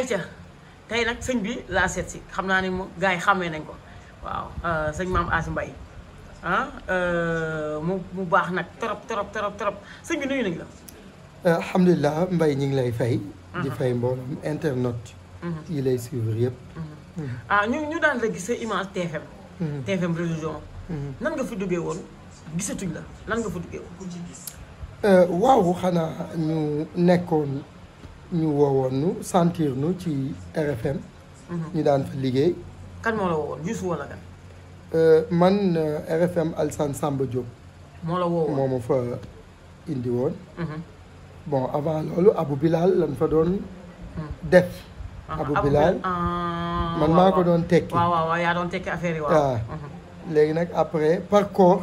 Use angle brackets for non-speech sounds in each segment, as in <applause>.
ayca tey nag sëñ bi laa set si xam naa ne moom gars yi xàmmee nañ ko waaw euh, sëñ maam Asi mbay ah euh, mu mu baax nag trop trop trop trop sëñ bi nuyu nañ la. Euh, alhamdulilah Mbaye ñu ngi lay fay. di mhm. fay mboolem internautes. Mhm. yi lay suivre yëpp. Mhm. Ah, ñu ñu daan la gis sa image TFM. TFM religion. nan nga fi duggee woon gisatuñ la nan nga fi duggee woon. waaw xanaa ñu nekkoon. nous woowoon nous sentir ci RFM. ni mhm. daan fa ligue. kan la voir juste wala kan. Euh, man euh, RFM Alsan Samba Diop. moo la fa indi mhm. bon avant alors Abu Bilal lan fa def. Abou Bilal ah, ah, man take wa wa, affaire yi ah. mhm. après Parcours.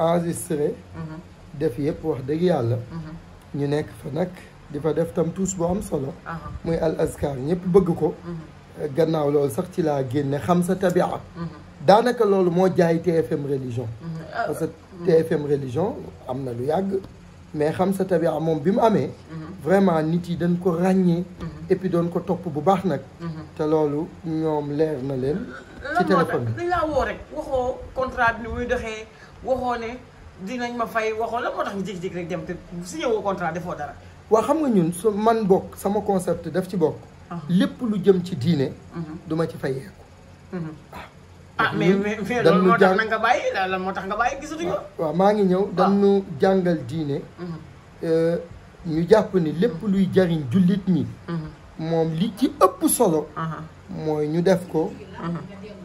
enregistré mhm. def yëpp wax dëgg yàlla mhm. ñu nekk fa nag di fa def tam tous bu am solo muy al askar ñëpp bëgg ko mhm. eh, gannaaw loolu sax ci laa génne xam sa tabia daanaka loolu moo jaay TFM religion ah, parce que TFM euh, religion am na lu yàgg mais xam sa tabia moom bi mu amee vraiment nit yi dañ ko ràññee et puis doon ko topp bu baax nag te loolu ñoom leer na leen ci téléphone bi la laa woo rek waxoo contrat bi ni muy doxee waxoo ne dinañ ma fay waxoo la moo tax ñu jékki-jékki rek dem te signé woo contrat defoo dara. waa xam nga ñun su man bokk sama concept def ci bokk. Ah. lépp lu jëm ci diine. Mhm. du ci fayeeku. Mhm. ah, ah mais mais loolu moo tax nga bàyyi lan moo tax nga bàyyi gisatuñu waaw maa ngi ñëw ah. dañu jàngal diine. Mhm. Euh, jàpp ni lépp luy jariñ jullit ñi. moom li ci ëpp solo. mooy ñu def ko.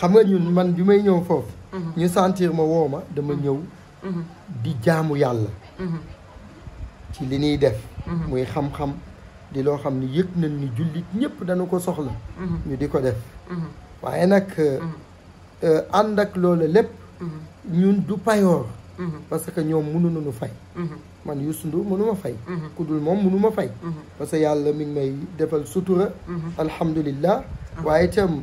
xam nga ñun man bi may ñëw foofu. Mhm. ñu sentir ma woo ma dama mhm. ñëw. Mhm. di jaamu yàlla. ci li ñuy def. muy xam-xam di loo xam ni yëg nañ ni jullit ñëpp dañu ko soxla. ñu di ko def. waaye nag euh, euh, ànd ak loola lépp. ñun du payoor. parce que ñoom mënuñu nu fay. man Youssou Ndour mënu ma fay. ku moom mënu ma fay. parce yàlla mi ngi may defal sutura. alhamdulillah ah. waaye itam.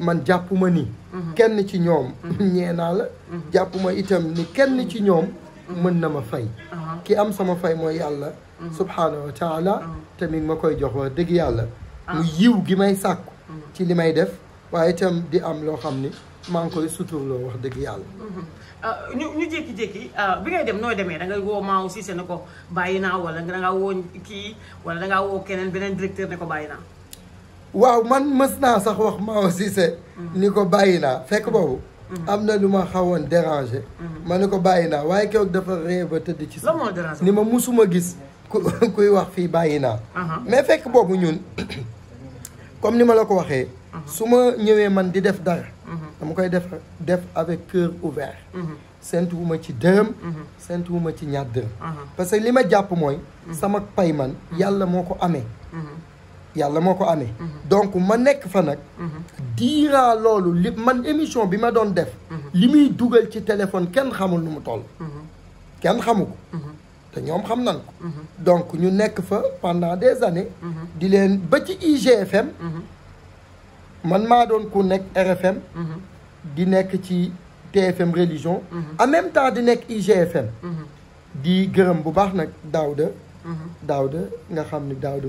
man jàppuma ni mhm. kenn ci ñoom mhm. <laughs> ñee naa la mhm. jàppuma itam ni kenn ci ñoom mën na ma fay uh-huh. ki am sama fay mooy yàlla subhaanahu wa taala uh-huh. te mi ma koy jox wax dëgg yàlla mu uh-huh. yiw gi may sàkku ci li may def waaye itam di am loo xam ni maa ngi koy loo wax dëgg yàlla uh, ñu ñu jékki-jékki uh, bi ngay dem nooy demee da nga woo Maaw Cissé ne ko bàyyi naa wala da woo kii wala da nga woo keneen beneen directeur ne ko bàyyi naa waaw man mës naa sax wax ni ko bàyyi fekk boobu am na lu ma xawoon dérangé mhm. ma ne dafa ba ni ma musuma gis ku wax fii bàyyi mais fekk boobu ñun comme ni la ko waxee su ma man di def dara mhm. dama koy def def avec cœur ouvert mhm. saint. ci dërëm seentuwuma ci je dërëm parce que li ma jàpp sama pay man yalla moko amé donc ma nekk fa nag diiraa lolou li man émission bi ma def limi dougal ci téléphone kenn xamul numu toll kenn xamuko té ñom xam ko donc ñu nekk fa pendant des années di len ba ci IGFM man ma don ku nekk RFM di nekk ci TFM religion en même temps di nekk IGFM di gërëm bu baax nak Daouda Daouda nga xamni Daouda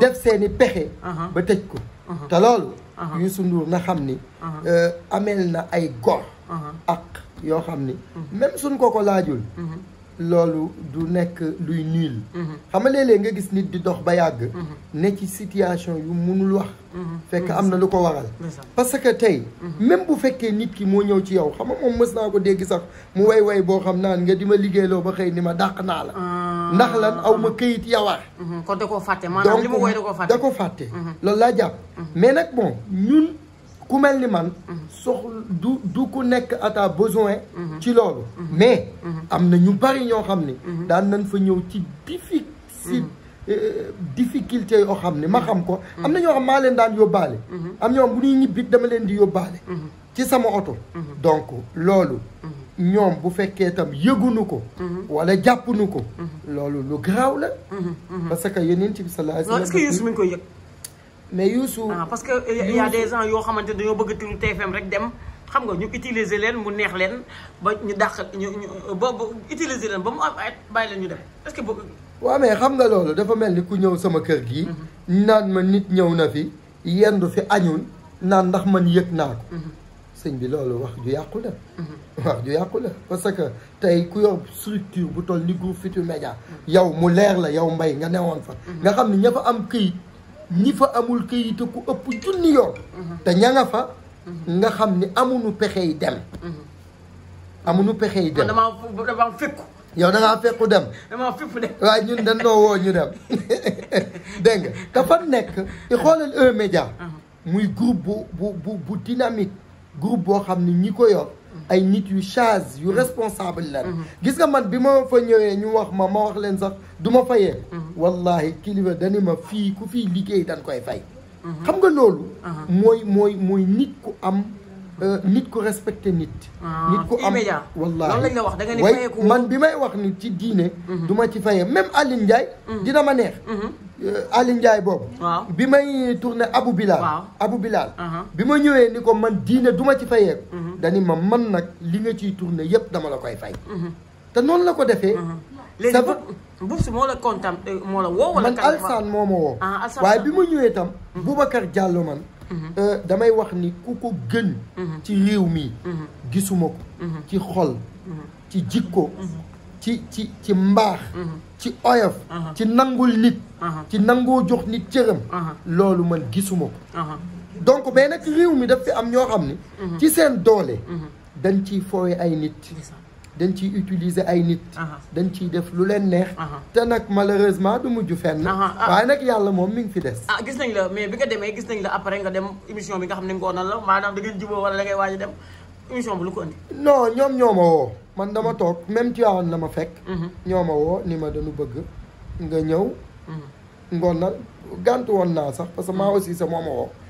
def seeni pexe. Uh-huh. ba tëj ko. Uh-huh. te loolu. Uh-huh. Youssou Ndour na xam ni. Euh, ameel na ay góor. ak yoo xam ni. même suñ ko ko laajul. loolu du nekk luy niil. xam nga nga gis nit di dox ba yàgg. ne ci situation yu munul wax. fekk am na lu ko waral. parce que tey. même bu fekkee nit ki moo ñëw ci yow xam nga moom mës naa ko dégg sax mu way way boo xam naan nga di ma liggéeyloo ba xëy ni ma dàq naa la. Ah. ndax lan aw ma këyit mhm, mais nag bon ñun ku mel ni man. Mhm. sox du du ku à besoin. Mhm. ci loolu mais. am ñu bari ñoo xam daan nañ fa ci difficile. Euh, difficulté yoo xam ma xam ko. am na xam maa leen daan yóbbaale. am bu dama leen di donc ñoom bu fekkee tam yëgunu ko mhm. wala jàppunu ko mhm. loolu lu garaaw la mhm. parce que yonent bi sallallahu alayhi wasallam est-ce que Youssou mi ngi koy yëg mais Youssou ah, parce que y a des gens yoo xamante dañoo bëgg turu TFM rek dem xam nga ñu utiliser leen mu neex leen ba ñu dàq ñu ñu ba utiliser leen ba mu am ay bàyyi leen ñu dem est que bëgg waaw mais xam nga loolu dafa mel ni ku ñëw sama kër gi naan ma nit ñëw na fi yendu fi añul naan ndax man yëg naa ko sëñ bi loolu wax ju yàqu la. Mhm. wax ju yàqu la parce que tey ku yow structure bu toll ni Groupe Futurs Médias yow mu leer la yow mbay nga newoon fa. Mhm. nga xam ne ña fa am këyit ñi fa amul këyit ku ëpp junni yoon. Mhm. te ña nga fa. nga xam ni amuñu pexey dem. dem man damaa damaa fekku. yow da ngaa fekku dem. damaa fekku dem waaye ñun dañ noo woo ñu dem <laughs> dégg nga te nekk i xoolal E-Média. muy groupe bu bu bu dynamique. groupe boo xam ne ñi ko yor ay nit yu charge yu mm-hmm. responsable la mm-hmm. gis nga man bi ma fa ñëwee ñu wax ma ma wax leen sax du ma fayee mm-hmm. wallahi kilifa dani ma fii ku fii liggéey dañ koy fay xam nga loolu uh-huh. mooy mooy mooy nit ku am Euh, nit ku respecte nit. Ah, nit ku am wallaahi way man bi may wax ni ci diine. Mhm. duma ci fayee même Aline mhm. dina ma neex. Mhm. Euh, Aline Ndiaye boobu. bi may tourné Abu Bilal. Abu Bilal. Uh-huh. bi ma ñëwee ni ko man diine duma ci fayee. dani ma man nag li nga ciy tourné yëpp dama la koy fay. te noonu la ko defee. léegi Boubs moo la kontaan wala man Alsaan moo ma woo. Ah, waaye bi ma ñëwee itam. Boubacar Diallo man. Mm-hmm. Euh, damay wax ni ku ko gën mm-hmm. ci réew mi mm-hmm. gisuma ko ci xol ci jikko ci ci ci mbaax ci oyof ci nangul nit ci nangoo jox nit cëram loolu man gisuma ko donc mais nag réew mi daf fi am ñoo xam ni ci seen doole dañ ciy foowe ay nit dañ ci utiliser ay nit dañ ciy def lu leen neex te nag malheureusement du mujj fenn ah. waaye nag yàlla moom mi ngi fi des ah gis nañ la mais bi nga demee gis nañ la après nga dem émission bi nga xam ne ngoonal la maanaam da ngeen juboo wala da ngay waaj dem émission bi lu ko andi non ñoom ñoo ma woo man dama mm-hmm. toog même Tivaouane la ma fekk mm-hmm. ñoo ma woo ni ma dañu bëgg nga ñëw mm-hmm. ngoonal gàntu woon naa sax parce que aussi sa moo ma woo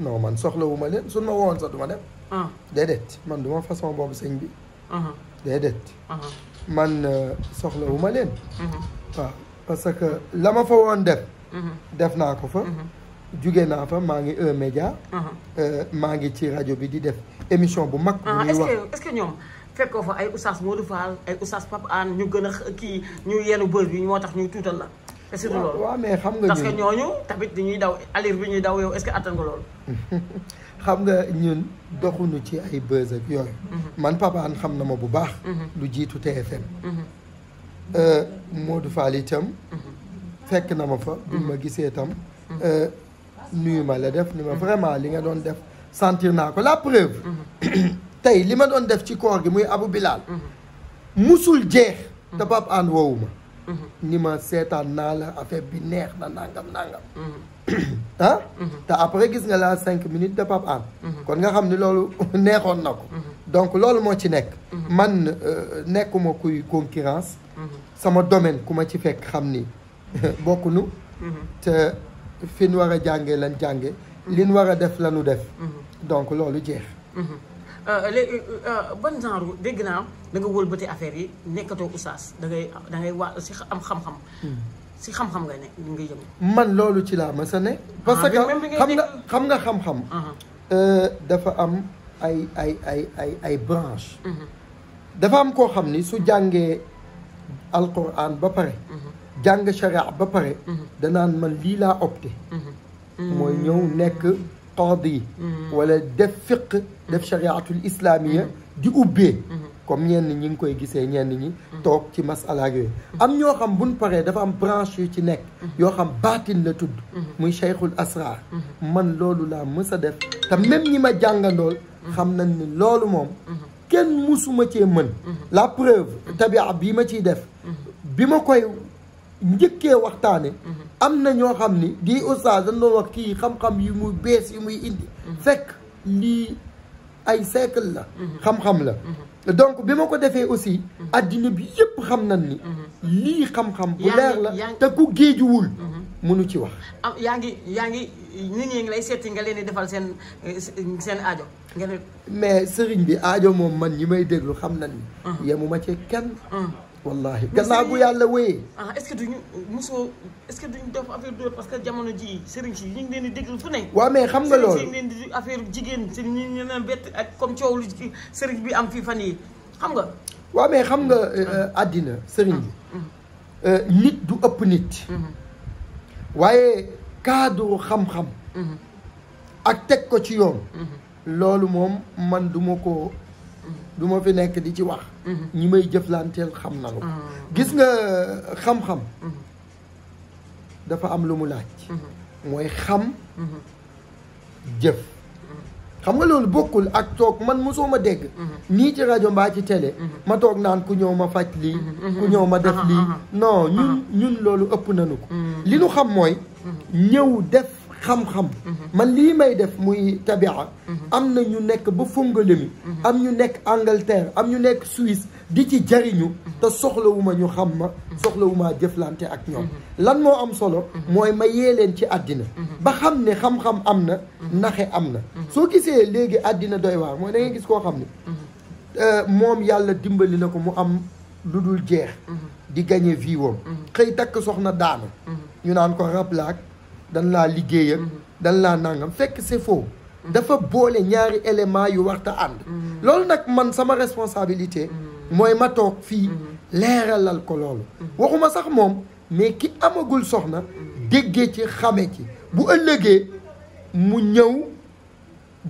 non man soxlawu ma leen suñ ma wowoon sax du ma dem. Ah. man du ma façon boobu sëñ bi. Ah. déedéet. Ah. man euh, soxlawu ma leen. Mm-hmm. waaw parce que la ma fa woon def. Mm-hmm. def naa ko fa. Mm-hmm. jóge naa fa maa ngi E-Média. Uh-huh. Euh, maa ngi ci rajo bi di def émission bu mag. bu uh-huh. ñuy wax est-ce ñoom fekkoo fa ay oustaz Modou Fall ay oustaz Pape Anne ñu gën a kii ñu yenu bër bi moo tax ñu tuutal la. est-ce que du loolu waaw mais xam nga parce que ñooñu tamit dañuy daw alir bi ñuy daw yow est-ce que attan nga loolu <laughs> xam nga ñun doxuñu ci ay buzz ak yooyu mhm. man Papa xam na ma bu baax mhm. lu jiitu TFM mhm. euh, Modou Fall itam fekk na ma fa bi ma gisee itam euh, nuyu ma la def ni ma vraiment li nga doon def sentir naa ko la preuve <clears throat> tey li ma doon def ci koor gi muy Abou Bilal musul jeex te Papa Hann woowu Mhm. ni ma set naa la affaire bi neex na nangam nangam. Mhm. <coughs> hein? Mhm. ta après gis nga la cinq minutes de Pape An. kon nga xamni lolu loolu <laughs> nako donc lolu mo ci nek man euh, nekkuma kuy concurrence. sama domaine ku ci fek xamni <laughs> bokku nu te fin wara jangé a jàngee lan jànge def lanu def. donc lolu jeex. Euh, léegi euh, euh, ban genre dégg naa da nga wëlbati affaire yi nekkatoo oustaz da ngay da ngay waa si am xam-xam. Hmm. si xam-xam nga ne ni nga jëm man loolu ci laa mës a ne. parce ah, que xam nga xam nga xam-xam. Ah. dafa am ay ay ay ay ay branche hmm. dafa am koo xam ni su jàngee alquran ba pare. Hmm. jàng sharia ba pare. danaan man lii laa opté. mooy ñëw nekk. قاضي ولا دفق دف شريعة الإسلامية دي أوبي كومين ني نكوي غيسه ني ني توك تي مسالا غي ام ньо خام بون باري دا فام برانش تي نيك يو خام باتين لا تود موي شيخ الاسرار من لولو لا مسا دف تا ميم ني ما جانغاندول خام نان ني لولو موم كين موسوما تي من لا بروف تابع بي ما تي دف بيما كوي njëkkee waxtaane mhm. am na ñoo xam ni gi oustaz dañ doon wax kii xam-xam yu muy bees yu muy indi mhm. fekk lii ay siècle la mhm. xam-xam la donc bi ma ko defee aussi addina bi yëpp xam nañ ni lii xam-xam bu leer la te ku géejuwul mënu ci wax am ah, yaa ngi yaa ngi nit ñi ngi lay seeti nga leen di defal seen seen aajo mais sëriñ bi aajo moom man ñi may déglu xam nañ ni ma ci kenn wallahi gannaaw bu yàlla wéyee. ah est-ce que duñu mosoo est-ce que duñu def affaire dóor parce que jamono jii sëriñ si ñu ngi leen di déglu fu ne. waaw xam nga loolu sëriñ si leen affaire jigéen si ñu ñu leen bett ak comme coow lu bi am fii fan xam nga. waaw mais xam nga euh, euh, ah. àddina sëriñ bi. Ah. Mm-hmm. Euh, nit du ëpp nit. Mm-hmm. waaye cadre xam-xam. Mm-hmm. ak teg ko ci yoon. loolu moom man duma ko. du ma fi nekk di ci wax mm-hmm. ñi may jëflanteel xam na lu ah. gis nga euh, xam-xam mm-hmm. dafa am lu mu laaj mm-hmm. mooy xam jëf xam nga loolu bokkul ak toog man mosoo ma dégg nii ci rajo mbaa ci télé ma toog naan ku ñëw ma faj lii ku ñëw ma def uh-huh, lii uh-huh. non ñun uh-huh. ñun loolu ëpp nanu ko li nu xam mooy ñëw def xam-xam man lii may def muy tabia mhm. am na ñu nekk ba Fongolemi mhm. am ñu nekk Angleterre am ñu nekk Suisse di ci jariñu mhm. te soxlawu ma ñu xam ma soxlawu maa jëflante ak ñoom lan moo am solo mooy ma yee leen ci àddina ba xam ne xam-xam am na naxe am na soo gisee léegi àddina doy waar mooy da gis koo xam ne euh, moom yàlla dimbali na ko mu am lu dul jeex di gagné vie woom xëy takk soxna daanu ñu naan ko raplaak dan laa liggéey mhm. ak laa nangam fekk c'est faux mhm. dafa boole ñaari élément yu warta ànd mhm. loolu nag man sama responsabilité mooy ma toog fii leeralal ko loolu waxuma sax moom mais ki amagul soxna déggee ci xame ci bu ëllëgee mu ñëw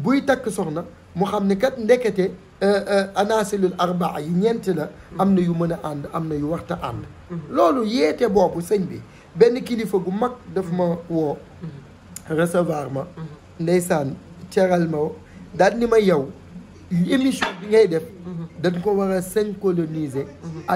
buy takk soxna mu xam ni kat ndekete euh, euh, anaasilul arbaa yi ñeenti la am na yu mën a ànd am na yu waxta ànd loolu yeete boobu sëñ bi benn kilifa gu mag daf ma woo recevoir ma ndeysaan ceral ma daal ni ma yow émission bi ngay def dañ ko war a synchroniser